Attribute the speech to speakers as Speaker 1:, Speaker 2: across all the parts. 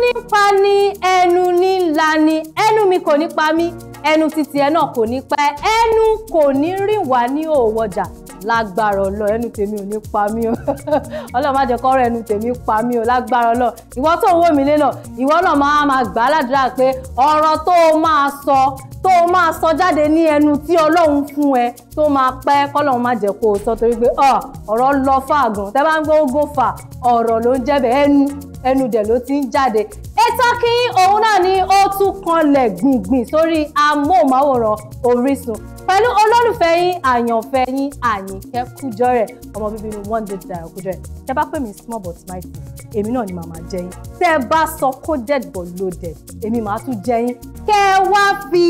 Speaker 1: nípa ni ẹnu níla ni ẹnu mi kò ní pa mí ẹnu títí ẹ náà kò ní pẹ́ ẹnu kò ní rìn wá ní òwò lágbára ọlọ ẹnu tèmi ò ní pa mí o Ọlọ́run má jẹ́ kọrọ ẹnu tèmi pa mí o lágbára ọlọ ìwọ tó ń wò lé náà ìwọ náà máa máa gbà á ládùúrà pé ọ̀rọ̀ tó o máa sọ tó o máa sọ jáde ní ẹnu tí Ọlọ́run fún ẹ tó máa pẹ́ kọ́lọ́run má jẹ́ kó o sọ torí pé ọ̀rọ̀ lọ fà gan tẹ́ bá ń gbọ́ fà ọ̀rọ̀ ló ń jẹ́ bẹ́ẹ̀ ẹnu ẹnu dẹ̀ ló ti ń jáde ètò kí òun náà ni ó tún kanlẹ̀ gbùngbùn sórí amóhùnmáwòrán Orísun pẹ̀lú olólùfẹ́ yín àyànfẹ́ yín Àyìnkẹ́ Kújọrẹ̀ ọmọ bíbí inú one day dayo Kújọrẹ̀ tẹ́ bá pè mí small but mighty èmi náà ni màmá jẹ yín tẹ́ bá sọ coded but loaded èmi màá tún jẹ yín kẹ́ wá fi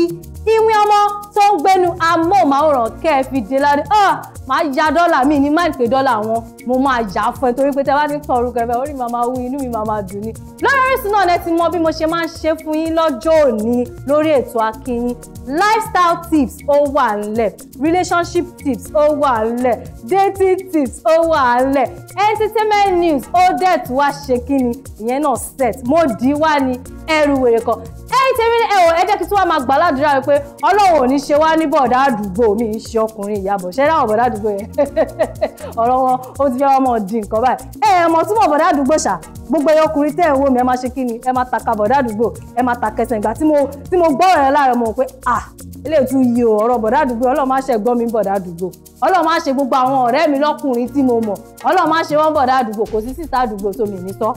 Speaker 1: ìwé ọmọ tó ń gbénu amóhùnmáwòrán kẹ́ ẹ fi dé ládé ah, màá ya dọ́là mi ní máì pé dọ́là wọn mo máa yà á fún ẹ torí pé tẹ́ bá ti tọ orúkọ ẹ fẹ́ orí màmá wú inú mi màmá dùn ni lórí Orísun náà lẹ ti mọ bí mo ṣe máa ń ṣe fún yín lọ́jọ́ òní lórí ètò Akíìyín lifestyle tips ó wà wà relationship tips ó wà ńlẹ̀ dating tips ó wà ńlẹ̀ entertainment news ó dẹ̀ tún wá ṣe kí ni ìyẹn náà set mo dì í wá ní ẹrù wèrè kan ẹ̀yin tèmi ẹ ò ẹ jẹ́ kí tí wọ́n máa gbà ládùúrà rẹ pé ọlọ́run ò ní ṣe wá ní bọ̀dá àdúgbò mi ń ṣe ọkùnrin ìyàbọ̀ ṣẹ́ dáhùn bọ̀dá àdúgbò yẹn ọ̀rọ̀ wọn ó ti fẹ́ wọn mọ̀ di nǹkan báyìí ẹ ẹ mọ̀ túbọ̀ bọ̀dá àdúgbò ṣá gbogbo ẹyọ ọkùnrin tẹ́ ẹ̀ wò mí ẹ máa ṣe kí ni ẹ máa taka bọ̀dá àdúgbò ẹ máa ta kẹsẹ̀ ìgbà tí mo tí mo gbọ́ ọ̀rẹ́ láàrẹ̀ mọ̀ pé à eléyìí tún yí o ọ̀rọ̀ bọ̀dá àdúgbò ọlọ́run máa ṣe gbọ́ mi bọ̀dá àdúgbò ọlọ́run máa ṣe gbogbo àwọn ọ̀rẹ́ mi lọ́kùnrin tí mo mọ̀ ọlọ́run máa ṣe wọ́n bọ̀dá àdúgbò kò sí sísá àdúgbò tó ní sọ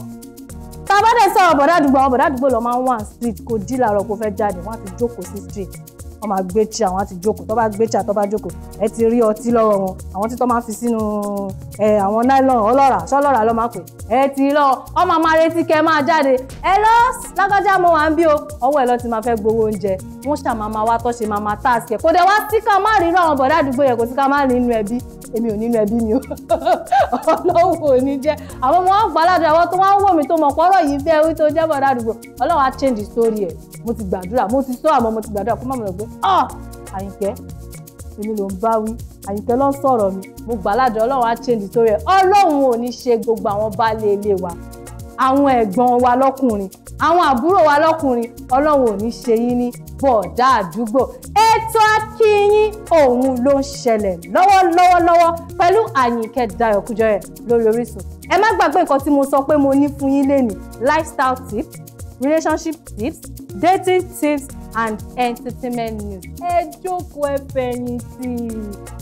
Speaker 1: tá a bá dẹ̀ sọ̀rọ̀ bọ̀dá àdúgbò àwọn bọ̀dá àdúgbò lọ máa ń wà street kò dí làárọ̀ kó fẹ́ jáde wọ́n á ti jókòó sí street wọ́n máa gbé chair àwọn á ti jókòó tó bá gbé chair tó bá jókòó ẹ ti rí ọtí lọ́wọ́ wọn àwọn tí máa fi sínú ẹ àwọn nylon ọlọ́ràá sọlọ́ràá lọ́ máa pè ẹ ti lọ ọ máa retí kẹ máa jáde ẹ lọ lágbájá mo wà ń bí o ọwọ́ ẹ lọ ti máa fẹ́ gbowó oúnjẹ wọ́n ṣàmà máa wá tọ́ṣe máa máa táàsì ẹ̀ kò dẹ̀ wá sí ká má rí inú bọ̀dá àdúgbò yẹn kò sí ká má rí inú ẹbí èmi ò nínú ẹbí mi o ọlọ́wọ́ ò ní jẹ́ àwọn ọmọ wọn gbàládùn àwọn tó wọ́n wò mí tó mọ̀ pọ́rọ̀ yìí bẹ́ẹ̀ wí tó jẹ́ bọ̀ ládùúgbò ọlọ́wọ́ á change story ẹ̀ mo ti gbàdúrà mo ti sọ àmọ́ mo ti gbàdúrà kó má mọ̀ pé ọ́ àyìnkẹ́ èmi ló ń bá wí àyìnkẹ́ ló ń sọ̀rọ̀ mi mo gbàládùn ọlọ́wọ́ á change story ẹ̀ ọlọ́run ò ní ṣe gbogbo àwọn baálé ilé wa àwọn ẹ̀gbọ́n wa lọ́kùnrin àwọn àbúrò wa lọ́kùnrin ọlọ́run ò ní ṣe yín ní bọ̀dá àdúgbò ètò akínyín òun ló ń ṣẹlẹ̀ lọ́wọ́lọ́wọ́lọ́wọ́ pẹ̀lú àyìnkẹ́ dayọ̀ kújọrẹ̀ lórí Orísun ẹ má gbàgbé nǹkan tí mo sọ pé mo ní fún yín lénìí lifestyle tips relationship tips dating tips and entertainment news. ẹ jókòó ẹ fẹ̀yìntì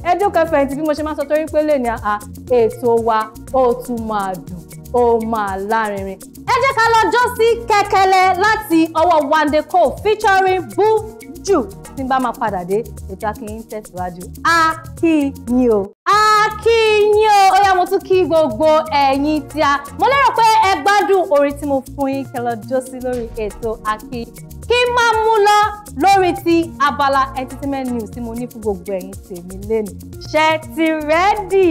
Speaker 1: ẹ jókòó ẹ fẹ̀yìntì bí mo ṣe máa sọ torí pé lè ní ètò wa ó tún máa dùn ó máa lárinrin ẹ jẹ́ ká lọ jó sí kẹ́kẹ́lẹ́ láti ọwọ́ wandeko featuring buju tí n bá máa padà dé ètò akínyìn tẹ̀síwájú akínyìn o akínyìn o ó yá mo tún kí gbogbo ẹ̀yin tí a mo lérò pé ẹ gbádùn orin tí mo fún yín kẹ́ lọ jó sí lórí ètò akínyìn kí n máa mú lọ lórí ti abala entertainment news tí mo ní fún gbogbo ẹ̀yin tèmi lẹ́nu ṣe ti rẹ́dì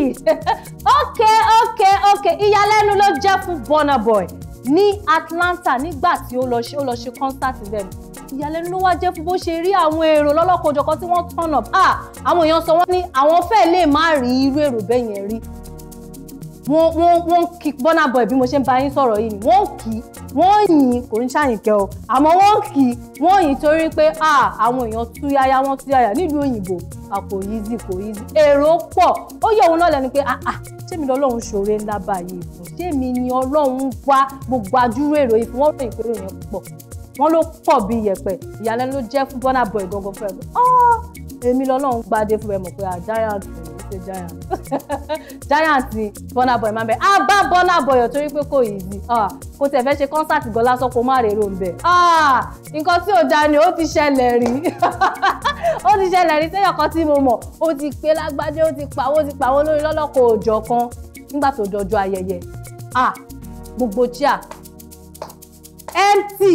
Speaker 1: ok ok ok ìyàlẹ́nu ló jẹ́ fún Burna Boy ní Atlanta nígbà tí ó lọ ṣe ó lọ ṣe concert event ìyàlẹ́nu ló wá jẹ́ fún bó ṣe rí àwọn èrò lọ́lọ́kọ̀ọ́jọ̀kan tí wọ́n turn up ah àwọn èèyàn sọ wọ́n ní àwọn fẹ́ẹ́ lè má rí irú èrò bẹ́ẹ̀ yẹn rí wọ́n wọ́n wọ́n kí Burna Boy bí mo ṣe ń bá yín sọ̀rọ̀ yìí ni wọ́n kì í wọ́n yìn kò ń ṣàyìnkẹ́ o àmọ́ wọ́n kì í wọ́n yìn torí pé ah, àwọn èèyàn túyáyá wọ́n túyáyá nílùú òyìnbó kò easy kò easy èrò pọ̀ ó yẹ òun náà lẹ́nu pé ah, ah, ṣé mi lọ́lọ́run ṣòro ńlá báyìí fún ṣé mi ni ọlọ́run wá gbogbo adúrú èrò yìí fún wọ́n ròyìn pé ròyìn pọ̀ wọ́n ló pọ̀ bí yẹ̀pẹ̀ ìyàlẹ́nu ló jẹ́ fún Burna Boy gangan fún ẹ̀ ọ́ ah! èmi lọ́lọ́run gbadé fún ẹ mọ̀ pé àdáyà dùn ṣe giant giant ni burna boy máa ń bẹ á bá burna boy ọ̀ torí pé kò easy kò tẹ̀ fẹ́ ṣe concert gan lásán kó má rèrò ń bẹ̀ nǹkan tí ò da ni ó ti ṣẹlẹ̀ rí ó ti ṣẹlẹ̀ rí sẹ́yìn ọ̀kan tí mo mọ̀ ó ti pé lágbájé ó ti pawó ti pawó lórí lọ́lọ́kọ̀ òòjọ́ kan nígbà tó dọjọ́ ayẹyẹ gbogbo chair empty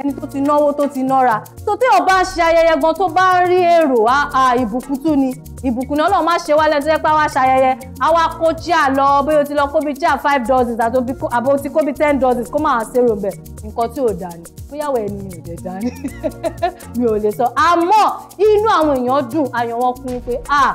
Speaker 1: ẹni tó ti náwó tó ti nára tó tí ò ṣe ayẹyẹ gan tó bá rí èrò ìbùkútú ni ìbùkún náà Ọlọ́run má ṣe wá lẹ́nu tó yẹ pé àwa ṣayẹyẹ àwa kó chia lọ bóyá o ti lọ kóbi chia five dozens àbò ti kóbi ten dozens kó máa ṣèrò bẹ̀ nǹkan tí ò dá ni fúyàwó ẹni mi ò dẹ̀ dá ni mi ò lè sọ àmọ́ inú àwọn èèyàn dùn ayọ̀ wọn kún pé ah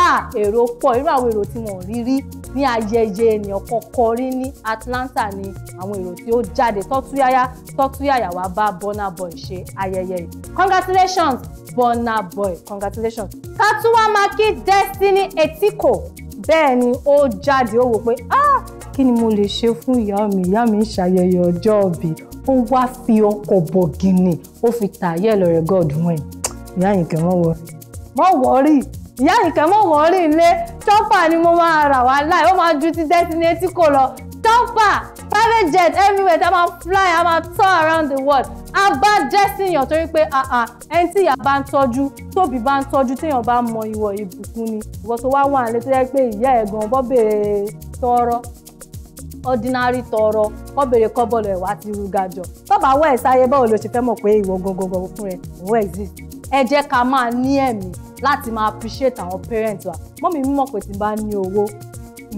Speaker 1: ah èrò pọ̀ irú àwọn èrò tí wọn rí rí ní ayẹyẹ ènìyàn kọ́kọ́ rí ní Atlanta ni àwọn èrò tí ó jáde tọ́túyáyá tọ́túyáyá wá bá Burna Boy ṣe ayẹyẹ yìí congratulations Burna Boy congratulations katuwamaki Destiny Etiko bẹ́ẹ̀ ni ó jáde ó wò pé ah kí ni mo lè ṣe fún ìyá mi ìyá mi ń ṣayẹyẹ ọjọ́ òbí ó wá fi ọkọ̀ bọ̀gìnì ó fi tààyè lọ́rẹ̀ God wọ̀nyí ìyá yìí kẹ́ mọ́ wọ́rí mọ́ wọ́rí ìyá àyìnkẹ́ mọ̀ wọ́n rí ilé tọ́pà ni mo máa rà wá láì ó máa ju ti tẹ́tí ní kò lọ tọ́pà private jet everywhere tá a máa fly a máa tour around the world a bá dressing yàn torí pé ah, ah, ẹni tí ìyá bá ń tọ́jú tóbi bá ń tọ́jú téèyàn bá mọ ìwọ̀ ìbùkún ni ìwọ tó wá wà nílé tó yẹ pé ìyá ẹ̀ gan bọ́ bèrè tọrọ ordinary tọrọ kọ́ bèrè kọ́ bọ́ọ̀lù ẹ̀ wá ti rú gàjọ tọ́ba wọ́ ẹ̀ sáyé báwo ló ṣe fẹ́ mọ̀ pé ìwọ gangan fún ẹ̀ òun exist ẹ jẹ́ ká máa ní ẹ̀mí láti máa appreciate àwọn parents wa mọ́mí mímọ̀ pé tí n bá ní owó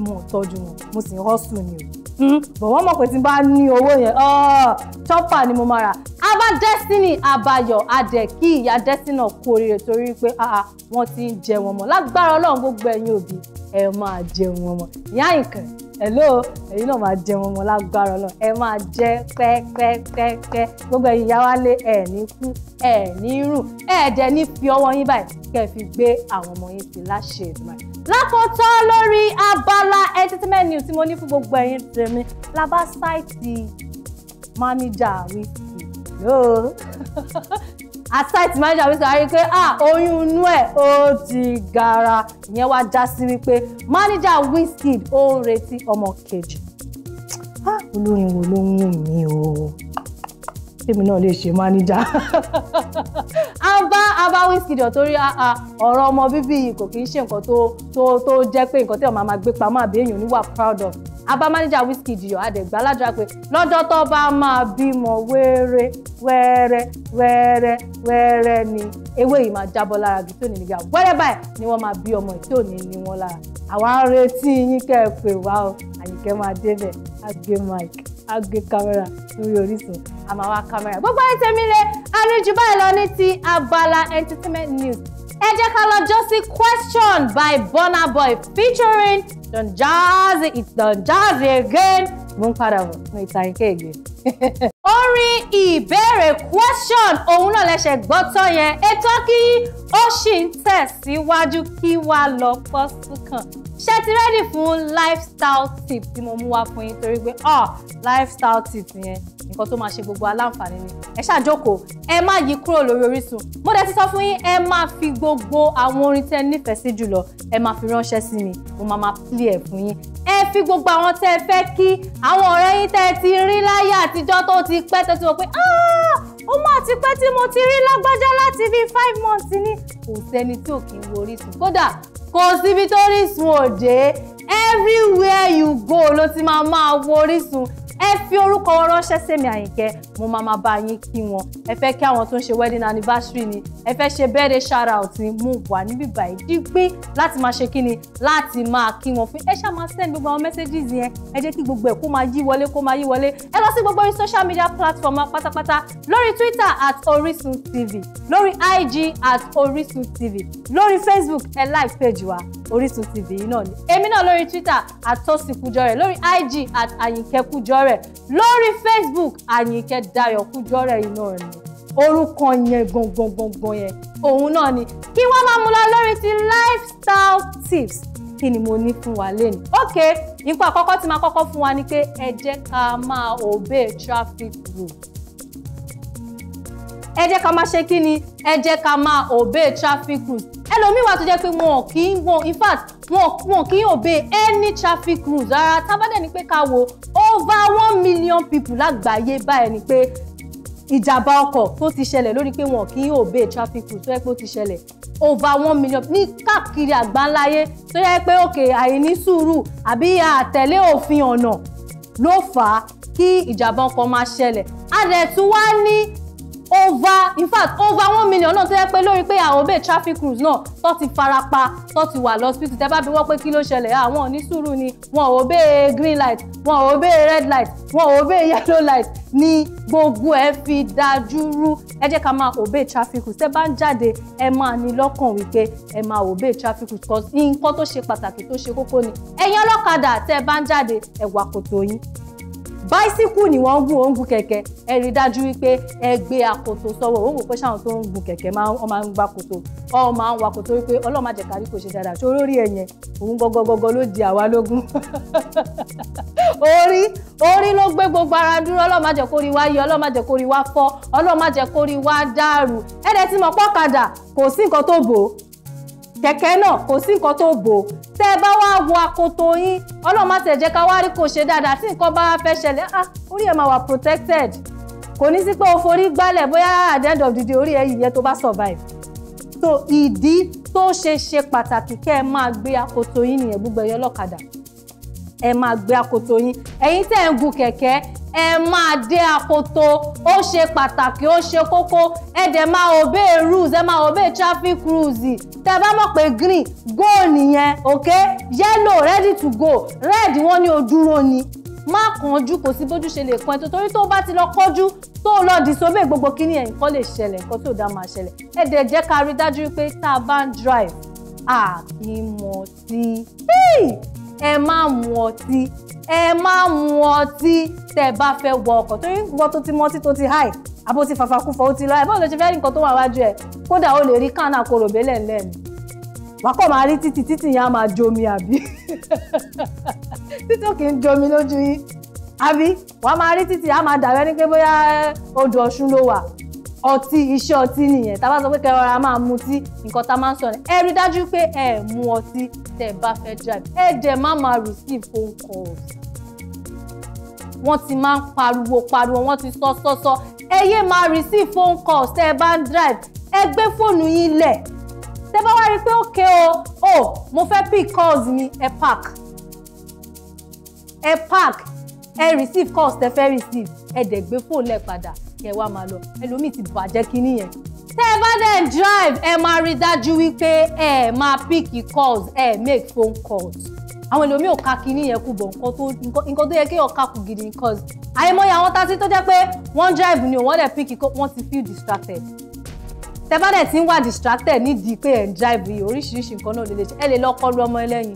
Speaker 1: mo tọ́jú wọn mo sì hustle ni o hmm? bọ̀ wọ́n mọ̀ pé tí n bá ní owó yẹn oh, chopper ni mo máa rà abá destiny abayọ̀ adẹ̀ kí ìyá destiny kú oríire torí pé ah, ah, wọ́n ti ń jẹ wọn mọ́ lágbára ọlọ́run gbogbo ẹ̀yin òbí ẹ máa jẹun ọmọ ìyá ìkàn hello ẹ̀yin náà máa jẹun ọmọ lágbára náà ẹ máa jẹ pẹ́pẹ́pẹ́pẹ́ gbogbo ẹ̀yin ìyá wa lé ẹ̀ ní kú ẹ̀ ní rùn ẹ̀ jẹ́ ní fi ọwọ́ yín báyìí kẹ́ ẹ fi gbé àwọn ọmọ yín sí láṣẹ ìdùnnà lákòótọ́ lórí abala entertainment news tí mo ní fún gbogbo ẹ̀yin tèmi labá sáìtì mánéjà aside manager mi sọ pé ah oyún inú ẹ̀ ó ti gara ìyẹn wá já sí wípé manager Wizkid ó ń retí ọmọ kejì ah olórin wo ló ń wù mí o tèmi náà lè ṣe máníjà abá abá Wizkid torí ah, ah, ọ̀rọ̀ ọmọ bíbí kò kì í ṣe nǹkan tó tó jẹ́ pé nǹkan tí ọmọ máa gbé pamọ́ àbí èèyàn oníwà proud of abá mánéjà Wizkid yọ àdẹ̀gbà aládùúrà pé lọ́jọ́ tó bá máa bímọ wẹ́rẹ́ wẹ́rẹ́ wẹ́rẹ́ wẹ́rẹ́ ni ewé yìí máa jábọ́ lára bí tí ò ní nígbà wẹ́rẹ́ báyìí ni wọ́n máa bí ọmọ tí ò ní ní wọn lára àwa ń retí yín kẹ́ ẹ pè wá o àyíkẹ́ máa débẹ̀ á gbé mic á gbé kámẹ́rà lórí Orísun a máa wá kámẹ́rà gbogbo ẹ̀ tẹ̀mí lé àníjù báyìí lọ ní ti abala entertainment news ẹ jẹ́ ká lọ jọ sí question by Burna Boy featuring Don't jazz it, it's done jazz again. Mo ń padà bọ̀ mo ìta ike ègbè. Orin ìbéèrè question òun náà lẹ́sẹ̀ gbọ́ tán yẹn. Ètò kí ó ṣì ń tẹ̀síwájú kí wá lọ pọ́ sùkàn. Ṣé ti rẹ́dì fún lifestyle tip tí mo mú wá fún yín torí pé ah, lifestyle tip yẹn nǹkan tó máa ṣe gbogbo aláǹfààní ni ẹ ṣàjókòó ẹ má yí kúrò lórí Orísun mo dẹ̀ ti sọ fún yín ẹ máa fi gbogbo àwọn orin tẹ́ nífẹ̀ẹ́ sí jùlọ ẹ máa fi ránṣẹ́ sí mi mo máa máa plé ẹ̀ fún yín ẹ fi gbogbo àwọn tẹ́ ẹ fẹ́ kí àwọn ọ̀rẹ́ yín tẹ́ ẹ ti rí láyé àtijọ́ tó ti pẹ́ tó ti wọ pé ah, ó mà ti pẹ́ tí mo ti rí lágbájá láti bíi five months ní kò sẹ́ni tí ò kí ń wo Orísun kódà kò síbi tó Orísun òde everywhere you go ló ti máa máa wo Orísun ẹ fi orúkọ wọn ránṣẹ́ sẹ́mi àyìnkẹ́ mo máa máa bá yín kí wọn ẹ fẹ́ kí àwọn tó ń ṣe wedding anniversary ni ẹ fẹ́ ṣe birthday shout out ni mo wà níbí báyìí dígbé láti máa ṣe kí ni láti máa kí wọn fún ẹ ṣáà máa send gbogbo àwọn messages yẹn ẹ jẹ́ kí gbogbo ẹ̀ kó máa yí wọlé kó máa yí wọlé ẹ lọ sí gbogbo social media platform wa pátápátá lórí Twitter at Orisun TV lórí IG at Orisun TV lórí Facebook ẹ like page wa Orisun TV yìí náà ni èmi náà lórí Twitter at Tosin Kujore lórí IG at Àyìnkẹ́ Kujore rẹ̀ lórí Facebook Àyìnkẹ́ Dayọ̀ Kújọ́rẹ̀ iná rẹ̀ orúkọ yẹn gangan gangan yẹn òun náà ni kí wọ́n máa mú lọ lórí ti lifestyle tips kí ni mo ní fún wa lẹ́nu. ok nǹkan àkọ́kọ́ tí máa kọ́kọ́ fún wa ni pé ẹ jẹ́ ká máa obey traffic rule ẹ jẹ́ ká máa ṣe kí ni ẹ jẹ́ ká máa obey traffic rules ẹlòmíì wà tó jẹ́ pé wọn kì í wọn in fact wọn wọn kì obey any traffic rules rárá tábàdẹ̀ ni pé ká wo over one million people lágbàáyé báyìí ni pé ìjàmbá ọkọ̀ tó ti ṣẹlẹ̀ lórí pé wọn kì í obey traffic rules tó yẹ pé ó ti ṣẹlẹ̀ over one million ní káàkiri àgbáńláyé tó yẹ pé òkè àìní sùúrù àbí àtẹ̀lé òfin ọ̀nà ló fà á kí ìjàmbá ọkọ̀ máa ṣẹlẹ̀ a dẹ̀ tún wá ní over in fact over one million náà tó yẹ pé lórí pé àwọn obey traffic rules náà tó ti farapa tó ti wà lọ́sibítù tẹ́ bá bi wọ́n pé kí ló ṣẹlẹ̀ àwọn ah, ní sùúrù ni wọn ò obey green light wọn ò obey red light wọn ò obey yellow light Ni gbogbo ẹ fi dájú ẹ jẹ́ ká máa obey traffic rules tẹ́ bá ń jáde ẹ máa ní lọ́kàn wípé ẹ máa obey traffic rules cause nǹkan tó ṣe pàtàkì tó ṣe kókó ni ẹ̀yin ọlọ́kadà tẹ́ bá ń jáde ẹ wà kòtò yín báísíkù ni wọ́n ń gùn ó ń gun kẹ̀kẹ́ ẹ rí dájú wípé ẹ gbé akoto sọ́wọ́ ó wò pé ṣáwọn tó ń gun kẹ̀kẹ́ ọ máa ń gba koto ọ máa ń wa koto wípé ọlọ́run má jẹ́ kárí kò ṣe dáadáa ẹ̀yẹn òun ló di àwa lógún orí orí ló gbé gbogbo ara dúró kẹ̀kẹ́ náà kò sí nǹkan tó bò ó tẹ́ ẹ bá wá wo akoto yín ọlọ́run má tẹ̀ jẹ́ ká wá rí kò ṣe dáadáa tí nǹkan bá fẹ́ ṣẹlẹ̀ ah orí ẹ̀ máa wà protected kò ní sí pé o forí gbálẹ̀ bóyá at the end of the day orí ẹ̀ yìí yẹ tó bá survive so ìdí tó ṣe ṣe pàtàkì kẹ́ ẹ máa gbé akoto yín nìyẹn gbogbo ẹ̀yọ́ ọlọ́kadà ẹ máa gbé akoto yín ẹ̀yin tẹ́ ń gun kẹ̀kẹ́ ẹ máa dé akoto ó ṣe pàtàkì ó ṣe kókó ẹ dẹ̀ máa obey rules ẹ máa obey traffic rules tẹ bá mọ̀ pé green go nìyẹn ok yellow ready to go red wọ́n ní o dúró ni má kánjú kò sí bójú ṣe lè kan ètò torí tó bá ti lọ kánjú tó lọ disobey gbogbo kíní ẹ̀ nǹkan lè ṣẹlẹ̀ nǹkan tó dáa máa ṣẹlẹ̀ ẹ dẹ̀ jẹ́ ká rí dájú pé tá a bá ń drive àkìmọ̀tì. ẹ má mu ọtí ẹ má mu ọtí tẹ́ bá wọ ọkọ torí tó ti mọ́tí tó ti háì àbó ti fàfakúfọ̀ ó ti lọ ẹ̀ báwo nǹkan tó wà wájú ẹ̀ kódà ó lè rí kánà korò bẹ́lẹ̀ ńlẹ̀ ni wàá kọ́ máa rí títì títì yẹn á máa jomi àbí títí ò kì í jomi lójú yín àbí wàá máa ọtí iṣẹ́ ọtí nìyẹn tá a bá sọ pé kẹrọra máa mutí nǹkan tá a máa ń sọ ni ẹ rí dájú pé ẹ mu ọtí tẹ bá fẹ́ drive ẹ jẹ má máa receive phone calls wọ́n ti máa ń pariwo pariwo wọ́n ti sọ sọ sọ ẹ yé máa receive phone calls tẹ ẹ bá ń drive ẹ gbé fóònù yín lẹ̀ tẹ bá wá rí i pé òkè o o mo fẹ́ pick calls mi ẹ park ẹ park ẹ receive calls tẹ fẹ́ receive ẹ dẹ̀ gbé fóònù lẹ̀ padà kẹ wá máa lọ ẹlòmíì ti bàjẹ́ kínní yẹn. tẹ́ ẹ bá dẹ̀ drive ẹ máa rí dájú wípé ẹ máa pick calls ẹ make phone calls àwọn ẹlòmíì ò ka kínní yẹn kú bọ̀ nǹkan tó yẹ kí ọ̀ka kù gidi nǹkan àìmọye àwọn tásí tó jẹ́ pé wọ́n drive ni wọ́n dẹ̀ pick call wọ́n ti feel distracted tẹ́ bá dẹ̀ ti ń wà distracted nídìí pé ẹ̀ ń drive yìí oríṣiríṣi nǹkan náà lè lè ṣe ẹ lè lọ kọlu ọmọ ẹlẹ́yin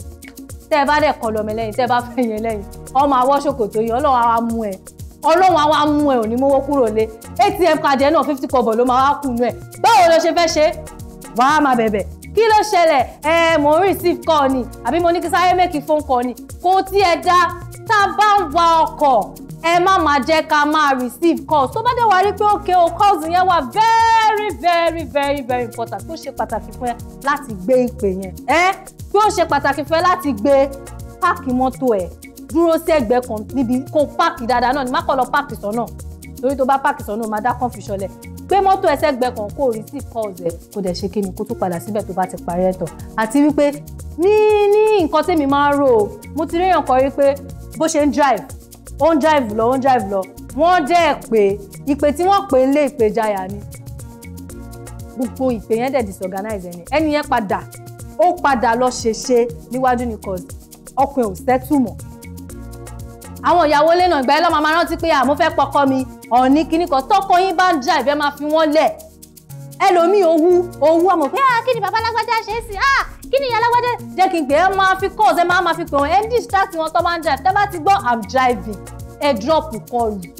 Speaker 1: tẹ́ ẹ bá dẹ̀ kọlu ọmọ ẹlẹ́yin tẹ́ ẹ bá fẹ́ yẹn lẹ́yìn ọmọ àwọ̀ ṣòkòtò yìí ọlọ́run á mú ẹ ọlọ́run àwa mú ẹ ò ní mówó kúrò lé atm card ẹ náà fifty kobo ló máa wá kùnú ẹ báwo ló ṣe fẹ́ ṣe wàá máa bẹ̀bẹ̀ kí ló ṣẹlẹ̀ ẹ mò ń receive call ni àbí mo ní kí sáré make phone call ni kò tí ẹ dá tá a bá ń wa ọkọ̀ ẹ má máa jẹ́ ká máa receive calls tó bá dé wá rí pé òkè o calls yẹn wà very very very very important tó ṣe pàtàkì fún ẹ láti gbé ìpè yẹn ẹ tó ṣe pàtàkì fún ẹ láti gbé páàkì mọ́tò ẹ dúró sẹ́gbẹ́ kan níbi kó páàkì dáadáa náà ni má kọ́ lọ páàkì sọ́nà torí tó bá páàkì sọ́nà má dá confusion lẹ̀ gbé mọ́tò ẹ sẹ́gbẹ́ kan kó receive calls ẹ̀ kó dẹ̀ ṣe kíni kó tún padà síbẹ̀ tó bá ti parí ẹ̀tọ́ àti wípé ní ní nǹkan tèmi máa ń rò ó mo ti ríyàn kan rí pé bó ṣe ń drive ó ń drive lọ ó ń drive lọ wọ́n dẹ̀ pé ìpè tí wọ́n pè ń lé ìpè jaya ni gbogbo ìpè yẹn dẹ̀ disorganize ẹni ẹni yẹn padà ó padà lọ ṣèṣe níwájú ni cause ọkùnrin ò sẹ́tù mọ́ àwọn ìyàwó ilé náà ìgbà ẹ lọ́mọ máa rántí pé àmọ́ fẹ́ pọkọ mi ọ̀ọ́ni kíní kan tọkọ yín bá ń jà ìfẹ́ máa fi wọ́n lẹ̀ ẹlòmíì owú owú àmọ̀ pé kí ni bàbá alágbádá ṣe é sí kí ni ìyá alágbádá jẹ́ kí n pè é máa fi calls ẹ máa fi pè wọ́n ẹ ń wọn tó máa ń drive tẹ́ bá ti gbọ́ i'm driving ẹ drop kọlù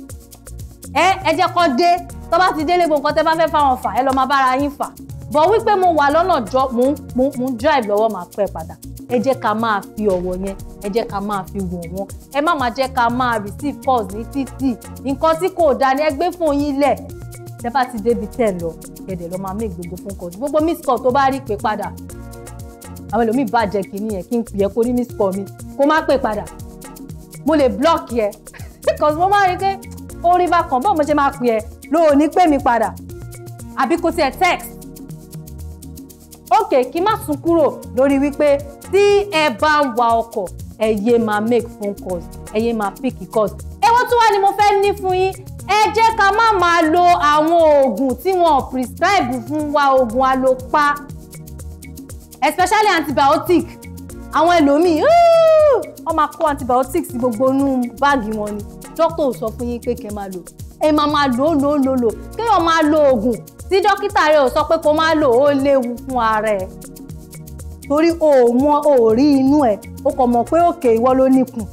Speaker 1: ẹ ẹ jẹ́ kó dé tó bá ti délé gbogbo nǹkan tẹ́ bá fẹ́ fáwọn fà ẹ lọ máa bára yín fà bọ̀ wípé mo wà lọ́nà jọ mo mo mo drive lọ́wọ́ máa pẹ́ padà ẹ jẹ́ ká máa fi ọ̀wọ̀ yẹn ẹ jẹ́ ká máa fi wọ̀ wọ́n ẹ má máa jẹ́ ká máa receive calls ní títì nǹkan tí kò dáa ni ẹ gbé fún yín lẹ̀ tẹ́ bá ti débi tẹ̀ lọ gẹ̀dẹ̀ lọ́ máa make gbogbo phone calls gbogbo miss call tó bá rí pé padà àwọn ẹlòmíì bàjẹ́ kìíní yẹn kí n pè kó ní miss call mi kó má pè padà mo lè block yẹ because mo máa rí pé orin bá kàn bọ́ọ̀ mo ṣe máa pè é lóò ní pè mí padà àbí kó tiẹ̀ text òkè kí má sún kúrò lórí wípé tí ẹ bá ń wa ọkọ̀ ẹ yé máa make phone calls ẹ yé máa pick calls. èwo tún wá ni mo fẹ́ ní fún yín ẹ jẹ́ ká má máa lo àwọn oògùn tí wọ́n prescribe fún wa oògùn àlòpá especially antibiotic àwọn ẹlòmíì wọ́n máa kó antibiotics sí gbogbo inú báàgì wọn ni dókítà ò sọ fún yín pé kẹ́ máa lò ẹ máa máa lò ó lò ó lò ó lò kéèyàn máa lo oògùn tí dókítà rẹ ò sọ pé kó máa lò ó léwu fún ara ẹ torí o ò mọ o ò rí inú ẹ o kò mọ̀ pé òkè ìwọ ló níkùn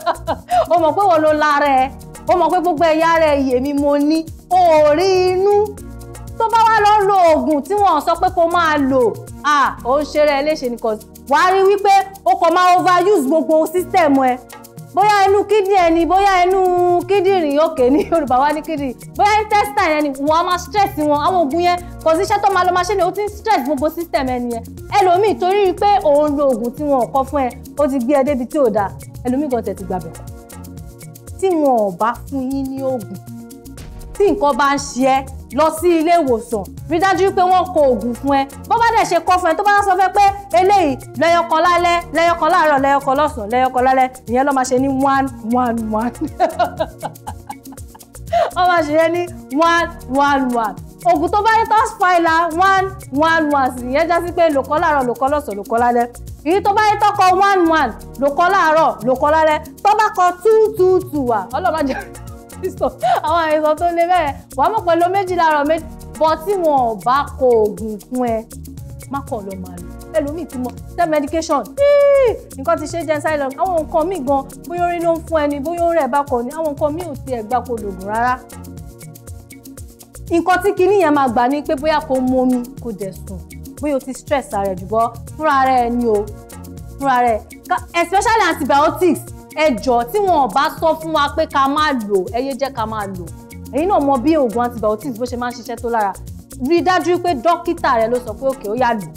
Speaker 1: o mọ̀ pé ìwọ ló lára ẹ o mọ̀ pé gbogbo ẹ̀yà ara ẹ yèmí mo ní o ò rí inú tó bá wá lọ lo oògùn tí wọn sọ pé kó máa lò ó ń ṣeré ẹ léṣe nìkan wàá rí wípé o kò máa overuse gbogbo system ẹ bóyá inú kídìí ẹni bóyá inú kídìrín òkè ní Yorùbá wá ní kídìrín bóyá intestine ẹni wọn á máa stress wọn àwọn oògùn yẹn kò sí iṣẹ́ tó máa lọ máa ṣe ni ó ti ń stress gbogbo system ẹni yẹn ẹlòmíì torí pé òun lo oògùn tí wọn ò kọ fún ẹ ó ti gbé ẹ débi tí ò dáa ẹlòmíì kan tẹ̀ ti gbàgbẹ́ tí wọn ò bá fún yín ní oògùn tí nǹkan bá ń ṣe ẹ́ lọ sí ilé ìwòsàn rí dájú pé wọ́n kọ oògùn fún ẹ bó bá dẹ̀ ṣe kọ fún ẹ tó bá sọ fẹ́ pé eléyìí lẹ́yọkan lálẹ́ lẹ́yọkan láàárọ̀ lẹ́yọkan lọ́sàn-án lẹ́yọkan lálẹ́ ìyẹn ló máa ṣe ní one one one wọ́n máa ṣe yẹn ní one one one oògùn tó bá ní tó spila one one one sì yẹn já sí pé lòkọ́ láàárọ̀ lòkọ́ lọ́sàn-án lòkọ́ lálẹ́ èyí tó bá yẹ tọkọ one one lòkọ́ láàárọ̀ lòkọ́ lálẹ́ tó bá kọ two two two à ọlọ́mọdé sísọ àwọn àìsàn tó lé bẹ́ẹ̀ wàá mọ̀ pẹ̀lú méjì láàárọ̀ méjì bọ́ tí wọn ò bá kọ oògùn fún ẹ má kọ̀ ló máa lò ẹlòmíì ti mọ tẹ medication nǹkan ti ṣe jẹ́ silom àwọn nǹkan míì gan bóyá orin ló ń fún ẹni bóyá orin ẹ̀ bá kọ ni àwọn nǹkan míì ò tiẹ̀ gbà kó lògùn rárá nǹkan tí kinní yẹn máa gbà ni pé bóyá kó mu omi kó dẹ̀ sùn bóyá o ti stress ara jùbọ́ fúnra ara ni o fúnra ara especially antibiotics ẹjọ́ tí wọn ò bá sọ fún wa pé ká máa lò ẹ yé jẹ́ ká máa lò ẹ̀yin náà mọ bí oògùn antibiotics bó ṣe máa ń ṣiṣẹ́ tó lára rí i dájú pé dókítà rẹ ló sọ pé òkè ó yá lò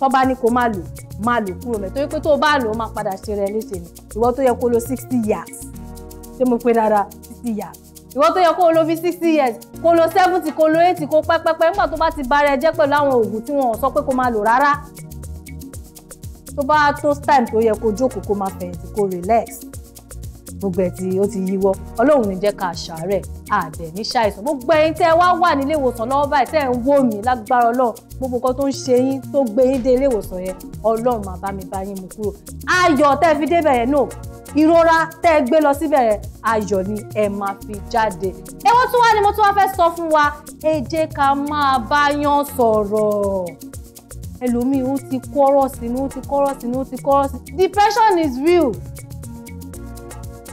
Speaker 1: tó bá ní kó má lò má lò kúrò mẹ́ torí pé tó bá lò ó máa padà ṣe rẹ léṣe ni ìwọ tó yẹ kó lo sixty years ṣé mo pe dáadáa sixty years ìwọ tó yẹ kó o lo fi sixty years kó lo seventy kó lo eighty kó pẹ́pẹ́pẹ́ nígbà tó bá ti bára ẹ jẹ́ pẹ̀lú àwọn oògùn tí wọn sọ pé kó máa lò rárá tó bá tó time tó yẹ kó jókòó kó máa fẹ̀yìntì kó relax gbogbo ẹ̀ tí ó ti yíwọ́ ọlọ́run ní jẹ́ ká ṣàárẹ̀ àdẹ̀ ní ṣàìsàn gbogbo ẹ̀yin tẹ́ ẹ wá wà nílé ìwòsàn lọ́wọ́ báyìí tẹ́ ẹ ń wò mí lágbára ọlọ́run gbogbo nǹkan tó ń ṣe yín tó gbé yín dé ilé ìwòsàn yẹn ọlọ́run máa bá mi bá yín mú kúrò ayọ̀ tẹ́ fi débẹ̀ yẹn náà ìrora tẹ́ gbé lọ síbẹ̀ yẹn ayọ̀ ni ẹ máa fi jáde èwo tún wá ni mo tún wá fẹ́ sọ fún wa ẹ jẹ́ ká máa bá yán sọ̀rọ̀ ẹlòmíì ó ti kọ́rọ̀ sínú ó ti kọ́rọ̀ sínú ó ti kọ́rọ̀ sínú depression is real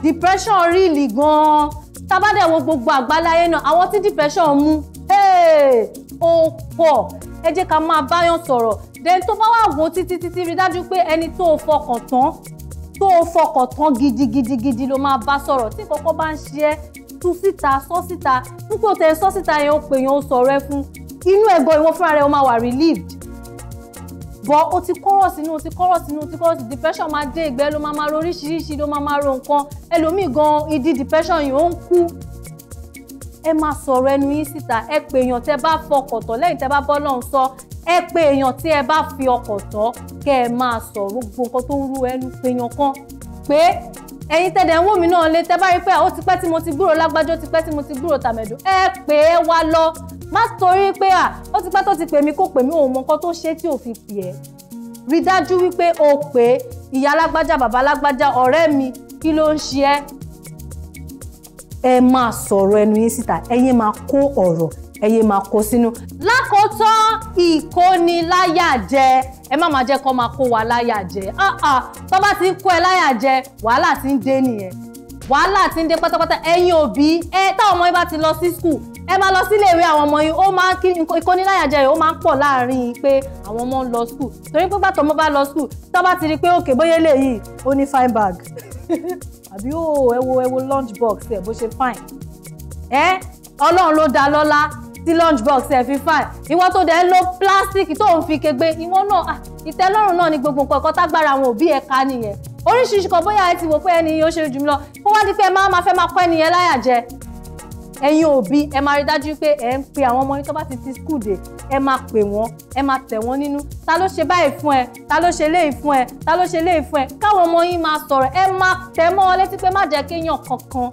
Speaker 1: depression really gan-an tábàdẹ̀ wo gbogbo àgbáláyé náà àwọn ti depression mú ó pọ̀ ẹ jẹ́ ká máa báyàn sọ̀rọ̀ then tó bá wà wò títí títí rí dájú pé ẹni tó o fọkàn tán tó o fọkàn Gidi gidi ló máa ba sọ̀rọ̀ tí kọ́kọ́ bá ń ṣe ẹ́ tú síta sọ síta púpọ̀ tẹ sọ síta yẹn ó pè yẹn ó sọ̀rọ̀ ẹ fún inú ẹ̀gọ́ ìwọ fúnra rẹ̀ ó máa wà relieved bọ́ ó ti kọ́rọ̀ sínú ó ti kọ́rọ̀ sínú ti kọ́rọ̀ sí depression máa dé ìgbẹ́ ló máa máa ro oríṣiríṣi ló máa máa ro nǹkan ẹlòmíì gan ìdí depression yìí ó ń kú ẹ máa sọ̀rọ̀ ẹnu yín síta ẹ pé èèyàn tẹ bá fọkàn tán lẹ́yìn tẹ bá bọ́ lọ́hùn sọ ẹ pé èèyàn tí ẹ bá fi ọkàn tán kẹ́ ẹ máa sọ̀rọ̀ gbogbo nǹkan tó ń rú ẹnu pé èèyàn kan pé ẹ̀yin tẹ̀dẹ̀ ń wò mí náà lé tẹ́ bá rí pé ó ti pẹ́ tí mo ti gbúrò lágbájọ́ ti pẹ́ tí mo ti gbúrò tàmẹ̀dù ẹ pè é wá lọ má torí pé à ó ti pẹ́ tó ti pè mí kó pè mí òun mọ nǹkan tó ṣe tí ò fi pè ẹ́ rí dájú wípé o pè é ìyá alágbájá bàbá alágbájá ọ̀rẹ́ mi kí ló ń ṣe ẹ́ ẹ máa sọ̀rọ̀ ẹnu yín síta ẹ̀yin máa kó ọ̀rọ̀ ẹ̀yin máa kó sínú. lákòótán ìkóniláyàjẹ ẹ má máa jẹ́ kó máa kó wa láyàjẹ ah, ah. tó bá ti ń kó ẹ láyàjẹ wàhálà ti ń dé nìyẹn wàhálà ti ń dé pátápátá ẹ̀yin òbí ẹ táwọn ọmọ yín bá ti lọ sí skul ẹ máa lọ sílé ìwé àwọn ọmọ yín ó máa kí ìkóniláyàjẹ rẹ̀ ó máa pọ̀ láàrin pé àwọn ọmọ ń lọ skul torí pé gbàtọ́ ọmọ bá lọ skul tó bá ti rí i pé òkè bóyá eléyìí ó ní fine bag àbí ó oh, ẹ wo ẹ wo lunch box ẹ bó ṣe fine ẹ ọlọ́run ló dá lọ́lá tí lunch box ẹ fi fine ìwọ tó dẹ̀ ń lo plastic tó ń fi kegbe ìwọ náà ah, ìtẹ́lọ́rùn náà ni gbogbo nǹkan ẹ̀kọ́ tágbára àwọn òbí ẹ̀ ká nìyẹn oríṣiríṣi kan bóyá ẹ ti wò pé ẹni yìí ó ṣe jù mí lọ kó wá di pé ẹ máa máa fẹ́ máa kọ́ ẹnìyẹn láyà jẹ ẹ̀yin òbí ẹ máa rí dájú pé ẹ ń pe àwọn ọmọ yín tó bá ti ti skul dé ẹ máa pè wọ́n ẹ máa tẹ̀ wọ́n nínú ta ló ṣe báyìí fún ẹ ta ló ṣe léyìí fún ẹ ta ló ṣe léyìí fún ẹ káwọn ọmọ yín máa sọ̀rọ̀ ẹ máa tẹ̀ mọ́ ọ létí pé má jẹ́ kéèyàn kankan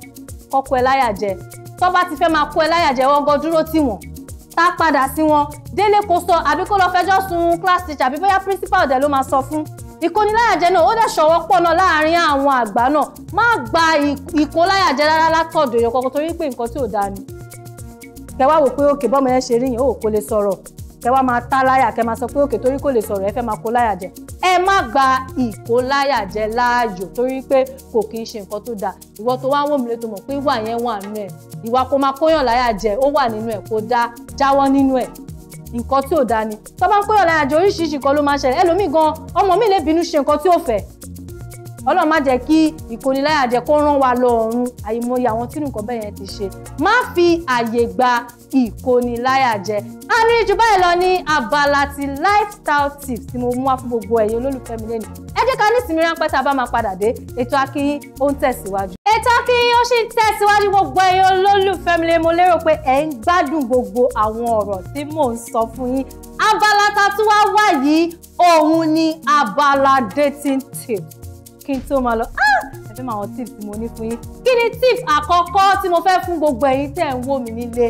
Speaker 1: kọ́kọ́ ẹ láyà jẹ tó bá ti fẹ́ máa kó ẹ láyà jẹ wọ́n gan dúró tì wọ́n tá padà sí wọn délé kó sọ àbí kó lọ fẹjọ́ sùn class teacher àbí bóyá principal dẹ̀ ló máa sọ fún ìkóniláyàjẹ náà ó dẹ̀ ṣọwọ́ pọ̀ náà láàárín àwọn àgbà náà má gba ìkóniláyàjẹ rárá látọ̀dọ̀ èèyàn kankan torí pé nǹkan tí ò dáa ni kẹwàá wò pé òkè bọ́mọ yẹn ṣe rí yẹn ó kò lè sọ̀rọ̀ kẹwàá máa tá láyà kẹ máa sọ pé òkè torí kò lè sọ̀rọ̀ ẹ fẹ́ máa kó láyà jẹ ẹ má gba ìkóláyàjẹ láàyò torí pé kò kì í ṣe nǹkan tó dáa ìwọ tó wá wò mí lé mọ̀ pé ìwà yẹn wà nínú ẹ̀ ìwà nǹkan tí ò dáa ni tó bá ń pè ọ́ láyàjọ oríṣiríṣi nǹkan ló máa ń ṣẹlẹ̀ ẹlòmíì gan ọmọ mi lè bínú ṣe nǹkan tí ò fẹ́ ọlọ́run má jẹ́ kí ìkóniláyàjẹ kó rán wa lọ ọ̀run àìmọye àwọn tí nǹkan bẹ́ẹ̀ yẹn ti ṣe má fi àyè gba ìkóniláyàjẹ. a ní jù báyìí lọ ní abala ti lifestyle tips tí mo mú wá fún gbogbo ẹ̀yin olólùfẹ́ mi lẹ́nu ẹ jẹ́ ká ní ìsinmi ráńpẹ́ tá a bá máa padà dé ètò Àkíìyín ó ń tẹ̀síwájú ètò Àkíìyín ó sì ń tẹ̀síwájú gbogbo ẹ̀yin olólùfẹ́ mi lé mo lérò pé ẹ̀ ń gbádùn gbogbo àwọn ọ̀rọ̀ tí mò ń sọ fún yín abala ta wà yìí òun ni abala dating tips kí n tó máa lọ ah! ẹ fẹ́ máa wọn tips tí mo ní fún yín kí ni tips àkọ́kọ́ tí mo fẹ́ fún gbogbo ẹ̀yin tẹ̀ ń wò mí nílé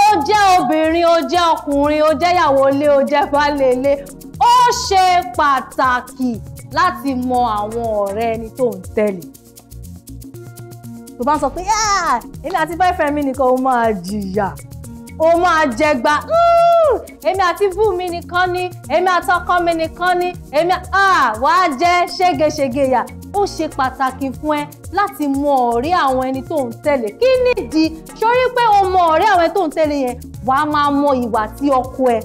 Speaker 1: ó jẹ́ obìnrin ó jẹ́ ọkùnrin ó jẹ́ ìyàwó ilé ó jẹ́ baálé ilé ó ṣe pàtàkì láti mọ àwọn ọ̀rẹ́ ẹni tó ń tẹ̀lé tó bá sọ pé ah! èmi àti boyfriend mi nìkan ó máa jìyà ó máa jẹ gba hmm, èmi àti Bùnmi nìkan ni èmi àtọkọ mi nìkan ni èmi wàá jẹ ṣégeṣége yà ó ṣe pàtàkì fún ẹ láti mọ ọ̀rẹ́ àwọn ẹni tó ń tẹ̀lé kí nídìí sórí pé o mọ ọ̀rẹ́ àwọn ẹni tó ń tẹ̀lé yẹn wàá máa mọ ìwà tí ọkọ ẹ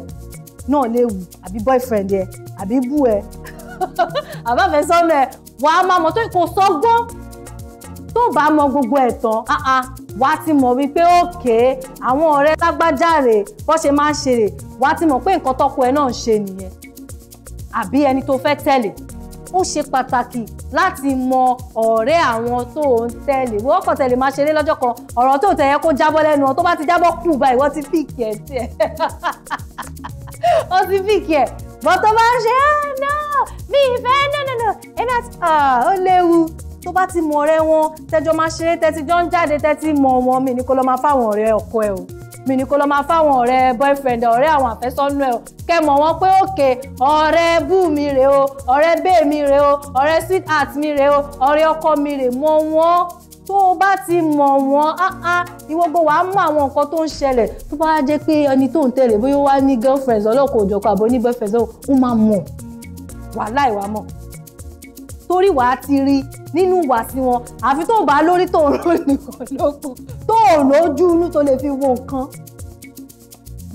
Speaker 1: náà léwu àbí boyfriend ẹ àbí bú ẹ àbáfẹsọ́nà ẹ wàá máa mọ tó kò sọgbọ́n tó bá mọ gbogbo ẹ̀ tán wàá ti mọ̀ wípé òkè àwọn ọ̀rẹ́ lágbájáre bó ṣe máa ń ṣe rè wàá ti mọ̀ pé nǹkan tọ́kọ ẹ náà ń ṣe nìyẹn àbí ẹni tó fẹ́ tẹ̀lé ó ṣe pàtàkì láti mọ ọ̀rẹ́ àwọn tó ń tẹ̀lé wọ́n kàn tẹ̀lé máa ṣeré lọ́jọ́ kan ọ̀rọ̀ tó tẹ̀yẹ kó jábọ́ lẹ́nu ọ tó bá ti jábọ́ kù báyìí wọ́n ti fìkì ẹ̀ tiẹ̀ wọ́n ti fìkì ẹ̀ bọ́ tó bá ń ṣe ẹ́ ah, náà mi ìfẹ́ náà náà náà ẹ̀ ah, náà ó léwu tó bá ti mọ ọ̀rẹ́ wọn tẹjọ máa ṣeré tẹtí jọ ń jáde tẹtí mọ wọn mi ní kó lọ máa fáwọn ọ̀rẹ́ ọkọ ẹ o mi ní kó lọ máa fáwọn ọ̀rẹ́ boyfriend ọ̀rẹ́ àwọn àfẹ́sọ́nú ẹ o kẹ mọ̀ wọ́n pé òkè ọ̀rẹ́ bú mi rè o ọ̀rẹ́ bẹ́ẹ̀ mi rè o sweet heart mi rè o ọ̀rẹ́ ọkọ mi rè mọ̀ wọ́n tó o bá ti mọ̀ wọ́n ìwọ́gbọ̀n wàá mọ àwọn nǹkan tó ń ṣẹlẹ̀ tó bá jẹ́ pé ẹni tó ń tẹ̀lé bóyá wá ní girlfriends ọlọ́kọ̀ òjọ̀kọ̀ àbọ̀ ní boyfriends ó máa mọ̀ wàhálà ìwà mọ̀ torí wàá ti rí nínú wàsí wọn àfi tó bá lórí tó ń rò nìkan lókun tó ò lójú inú tó lè fi wo nǹkan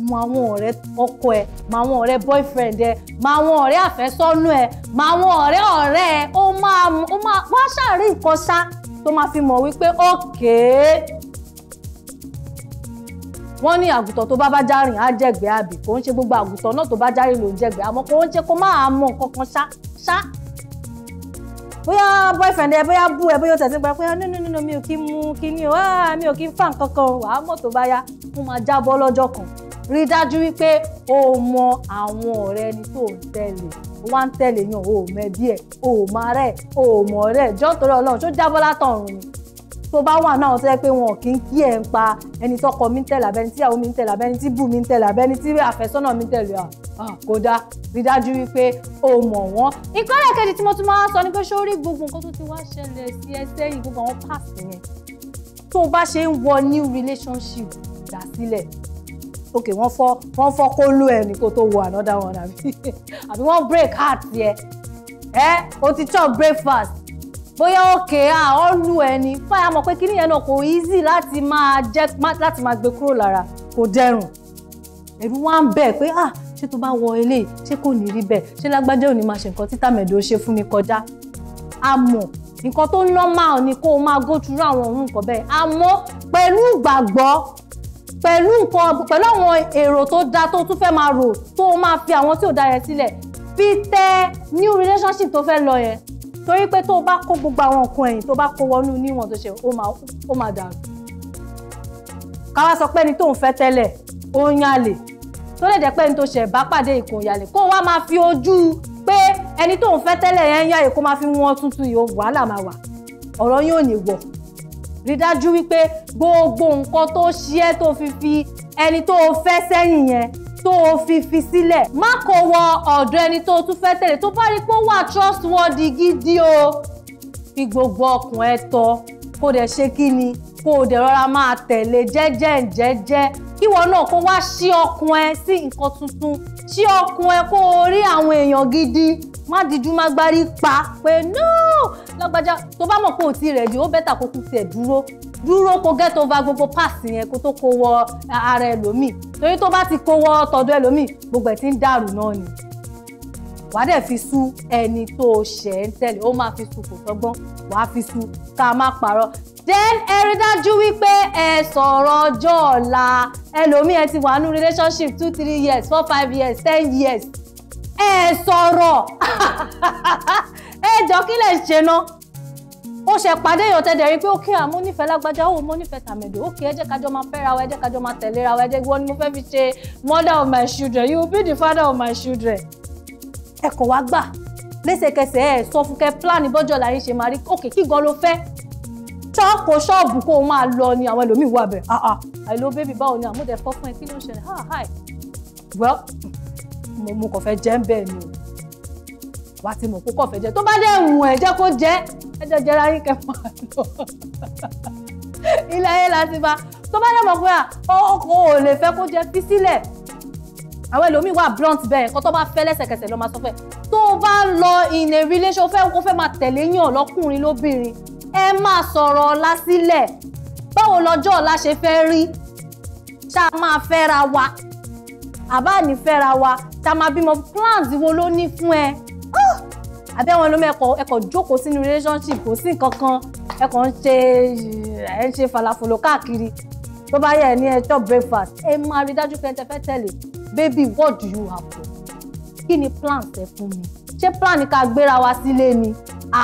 Speaker 1: mọ àwọn ọ̀rẹ́ ọkọ ẹ mọ àwọn ọ̀rẹ́ boyfriend ẹ mọ àwọn ọ̀rẹ́ àfẹ́sọ́nú ẹ mọ àwọn ọ̀rẹ́ ọ̀rẹ́ ẹ ó máa ó máa wá ṣàrí nǹkan ṣá tó máa fi mọ̀ wípé okay wọ́n ní àgùntàn tó bá bá járìn á jẹ̀gbẹ́ àbí kò ń ṣe gbogbo àgùntàn náà tó bá járìn ló ń jẹ̀gbẹ́ àmọ́ kò ń ṣe kó máa mọ nǹkan kan ṣá ṣá bóyá boyfriend ẹ bóyá bú ẹ bóyá tẹ̀sí gba pé no no no mi ò kí mu kíní o ah, mi ò kí fà kankan wàá mọ̀ bá yá mo máa jábọ́ lọ́jọ́ kan rí i dájú wípé o mọ àwọn ọ̀rẹ́ ẹni tó ń tẹ̀lé wá ń tẹ̀lé yan o mẹ́bí ẹ̀ o mọ ara ẹ̀ o mọ̀ ọ̀rẹ́ ẹ̀ jọ́ torí ọlọ́run tó jábọ́ látọ̀run ni tó bá wà náà tó yẹ pé wọn kì í kí ẹ̀ ń pa ẹni tọkọ mi ń tẹ̀lé abẹ́ni tí ìyàwó mi ń tẹ̀lé abẹ́ni tí bù mi ń tẹ̀lé abẹ́ni tí àfẹ́sọ́nà mi ń tẹ̀lé kódà rí dájú wípé o mọ̀ wọ́n. ìkọ́lẹ̀ kejì tí mo tún máa ń sọ ni pé ṣó rí gbogbo nǹkan tó ti wá ṣẹlẹ̀ sí ẹ sẹ́yìn gbogbo àwọn pàṣẹ yẹn tó o bá ṣe ń wọ new relationship dá sílẹ̀ ok wọ́n fọ́ wọ́n fọ́ kólú ẹ̀ ní kó tó wọ another one àbí àbí wọ́n break heart yẹ ẹ o ti chop breakfast bóyá òkè à ọ́nù ẹni fáyà mọ̀ pé kíní yẹn náà kò easy láti máa jẹ́ láti máa gbé kúrò lára kò dẹrùn ẹ̀rù wá ń bẹ̀ pé à ah, ṣé tó bá wọ eléyìí ṣé kò ní rí bẹ́ẹ̀ ṣé lágbájá ò ní máa ṣe nǹkan títà mẹ̀dọ̀ ṣe fún mi kọjá àmọ́ nǹkan tó normal ni kó o máa go through àwọn ohun nǹkan bẹ́ẹ̀ àmọ́ pẹ̀lú ìgbàgbọ́ pẹ̀lú nǹkan pẹ̀lú àwọn èrò tó dáa tó tún fẹ́ máa rò tó o máa fi àwọn tí ò dáa yẹn sílẹ̀ fi tẹ new relationship tó fẹ́ lọ yẹn torí pé tó o bá kó gbogbo àwọn nǹkan ẹ̀yìn tó o bá kó wọnú níwọ̀n tó ṣe ó máa dàrú káwá sọ pé ẹni tó ń fẹ́ tẹ́lẹ̀ ó ń yàlè tó lè jẹ́ pé ẹni tó ṣẹ̀ bá pàdé ìkò ìyàlè kó wá máa fi ojú pé ẹni tó ń fẹ́ tẹ́lẹ̀ yẹn ń yàlè kó máa fi wọ́n tuntun yìí wàhálà máa wà ọ̀rọ̀ yóò ní wọ̀ rí dájú wípé gbogbo nǹkan tó ṣe é tó fi fi ẹni tó fẹ́ sẹ́yìn yẹn tó o fi fi sílẹ̀ má kó wọ ọ̀dọ̀ ẹni tó o tún fẹ́ tẹ̀lé tó bá rí pé ó wà trustworthy gidi o fi gbogbo ọkàn ẹ tọ́ kó dẹ̀ ṣe kí ni kó o dẹ̀ rọra máa tẹ̀lé jẹ́jẹ́ jẹ́jẹ́ kíwọ náà kó wá ṣí ọkàn ẹ sí nǹkan tuntun ṣí ọkàn ẹ kó o rí àwọn èèyàn gidi má dijú má gbárí pa pé no lágbájá tó bá mọ̀ pé o ti rẹ̀ jù ó bẹ́tà kó kú tiẹ̀ dúró dúró kó get over gbogbo pass yẹn kó tó kó wọ ara ẹlòmíì torí tó bá ti kó wọ tọ̀dọ̀ ẹlòmíì gbogbo ẹ̀ ti ń dàrú náà ni wàá dẹ̀ fi sú ẹni tó ṣẹ̀ ń tẹ̀lé ó máa fi sú kò sọgbọ́n wàá fi sú ká má parọ́ then ẹ rí dájú wípé ẹ sọ̀rọ̀ ọjọ́ ọ̀la ẹlòmíì ẹ ti wà nú relationship two three years four five years ten years ẹ sọ̀rọ̀ ẹjọ́ kí lè ṣe ná ó ṣe pàdé èèyàn tẹ́lẹ̀ rí pé ókè àmọ́ nífẹ̀ẹ́ lágbájá ó mọ́ nífẹ̀ẹ́ tàmẹ̀dò ókè ẹ jẹ́ kájọ máa fẹ́ra wa ẹ jẹ́ kájọ máa tẹ̀léra wa ẹ jẹ́ wọ́n ni mo fẹ́ fi ṣe mother of my children you be the father of my children ẹ kàn wá gbà lẹ́sẹ̀kẹsẹ̀ ẹ sọ fún kẹ plan bọ́jọ́ láyé ṣe máa rí òkè kí gan ló fẹ́ ṣọ́ọ̀pù ṣọ́ọ̀bù kó o máa lọ ni àwọn ẹlòmíì wà bẹ̀ ah, ah baby báwo ni àmúdẹ ah, fọ́ fún ẹ kí hi well mo kàn fẹ́ jẹ́ ń wà á ti mọ̀ kó kọ̀ fẹ́ jẹ tó bá dé wù ẹ̀ jẹ́ kó jẹ́ ẹ jẹ́ jẹ́ra yín kẹfà lọ ilé ayé láti bá tó bá dé mọ̀ pé ọkọ̀ ò lè fẹ́ kó jẹ fi sílẹ̀ àwọn ẹlòmíín wà blunt bẹ́ẹ̀ kó tó bá fẹ́ lẹ́sẹ̀kẹsẹ̀ lọ́ máa sọ fẹ́ tó bá lọ in a relation fẹ́ kó fẹ́ máa tẹ̀lé yàn lọ́kùnrin lóbìnrin ẹ máa sọ̀rọ̀ ọ̀la sílẹ̀ báwo lọ́jọ́ ọ̀la ṣe fẹ́ rí ṣá máa fẹ́ra wa àbá ní fẹ́ra wa tá máa bímọ plans wo ló ní fún ẹ àbí àwọn ẹlòmíì ẹkọ ẹkọ jókòó sínú relationship kò sí nǹkan kan ẹkọ ń ṣe ẹ ń ṣe falafolo káàkiri tó bá yẹ ní ẹ breakfast ẹ máa rí dájú pé ẹ tẹ fẹ́ tẹ̀lé baby what do you have for me kí ni plan tẹ fún mi ṣé plan ká gbéra wa sílé ni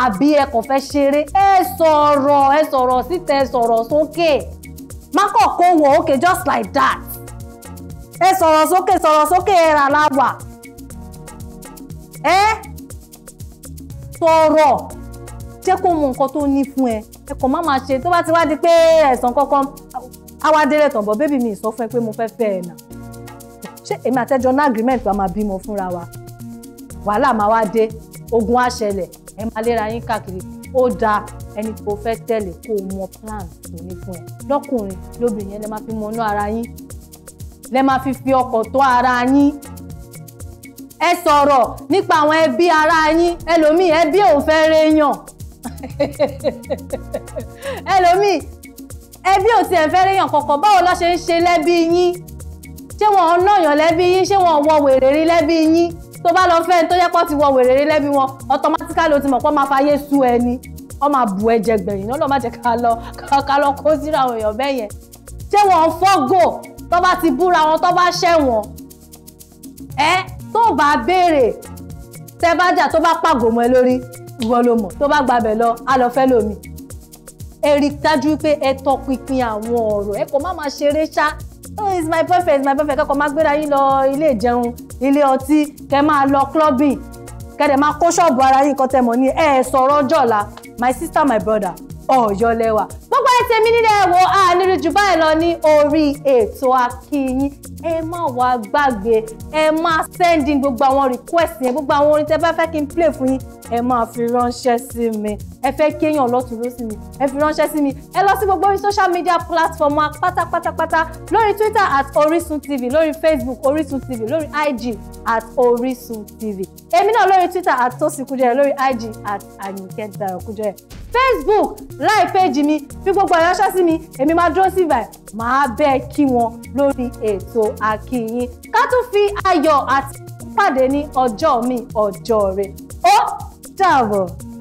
Speaker 1: àbí ẹ kàn fẹ́ ṣeré ẹ sọ̀rọ̀ ẹ sọ̀rọ̀ síta ẹ sọ̀rọ̀ sókè má kàn kó wọ̀ okay just like that ẹ sọ̀rọ̀ sókè sọ̀rọ̀ sókè ẹ rà láwà ẹ. Eh? sọ̀rọ̀ jẹ́ kó mọ nǹkan tó ní fún ẹ ẹ kàn má máa ṣe tó bá ti wá di pé ẹ̀sán kankan awádélé tànbọ̀ bébì mi sọ fún ẹ pé mo fẹ́ fẹ́ ẹ̀ nà ṣé èmi àtẹ́jọ́ ní agreement wa máa bímọ fúnra wa wàhálà máa wá dé ogun á ṣẹlẹ̀ ẹ máa léra yín káàkiri ó dáa ẹni tó fẹ́ tẹ̀lé kó o mọ plan tó ní fún ẹ lọ́kùnrin lóbìnrin yẹn lẹ máa fi mọ ara yín lẹ máa fi fi ọkọ̀ tó ara yín ẹ sọ̀rọ̀ nípa àwọn ẹbí ara yín ẹlòmíì ẹbí òun fẹ́ réyàn ẹlòmíì ẹbí ò tiẹ̀ fẹ́ réyàn kọ̀ọ̀kan báwo ló ṣe ń ṣe lẹ́bí yín ṣé wọn ò náyàn lẹ́bí yín ṣé wọn ò wọ wèrè rí lẹ́bí yín tó bá lọ fẹ́ tó yẹ pọ́ ti wọ wèrè rí lẹ́bí wọn automatically o ti mọ̀ pé wọ́n máa fayé sú ẹni wọ́n máa bù ẹ̀jẹ̀ gbẹ̀yìn náà lọ́ọ́ má jẹ́ ká lọ ká lọ kó sínú àwọn èèyàn bẹ́ẹ̀ yẹn ṣé wọn fọ́gò tó bá ti búra wọn tó bá ṣẹ̀wọ̀n ẹ́ tó bá béèrè tẹ́ bá jà tó bá pàgò mọ́ ẹ lórí ìwọ ló mọ̀ tó bá gbàbẹ̀ lọ á lọ fẹ́ lómi ẹ rí pé ẹ tọpinpin àwọn ọ̀rọ̀ ẹ kò má máa ṣeré ṣá oh it's my perfect it's my perfect kẹ́kọ̀ọ́ máa gbéra yín lọ ilé ìjẹun ilé ọtí kẹ́ máa lọ clubbing kẹ́dẹ̀ máa kó ṣọ́ọ̀bù ara yín nǹkan tẹ́ mọ̀ ní ẹ sọ̀rọ̀ ọjọ́ ọ̀la my sister my brother ọ̀yọ́ lẹ́wà gbogbo ẹ̀ tèmi nílẹ̀ wo àníri jù báyìí lọ ní orí ètò akínyìn ẹ má wá gbàgbé ẹ má send in gbogbo àwọn request yẹn gbogbo àwọn orin tẹ bá fẹ́ kí n play fún yín ẹ máa fi ránṣẹ́ sí mi ẹ fẹ́ kéèyàn lọ́tún lọ́sìn mi ẹ fi ránṣẹ́ sí mi ẹ lọ sí gbogbo orí social media platform wa pátápátápátá lórí Twitter at Orisun TV lórí Facebook Orisun TV lórí IG at Orisun TV èmi náà lórí Twitter at Tosin Kujore lórí IG at Ayinke Dayo Facebook láì péjì mi fi gbogbo ẹ̀ ránṣẹ́ sí mi èmi máa dúró sí ibà máa bẹ́ẹ̀ kí wọn lórí ètò AkiiYin ká tún fi ayọ̀ àti pàdé ní ọjọ́ mi ọjọ́ rẹ̀ ó Tchau!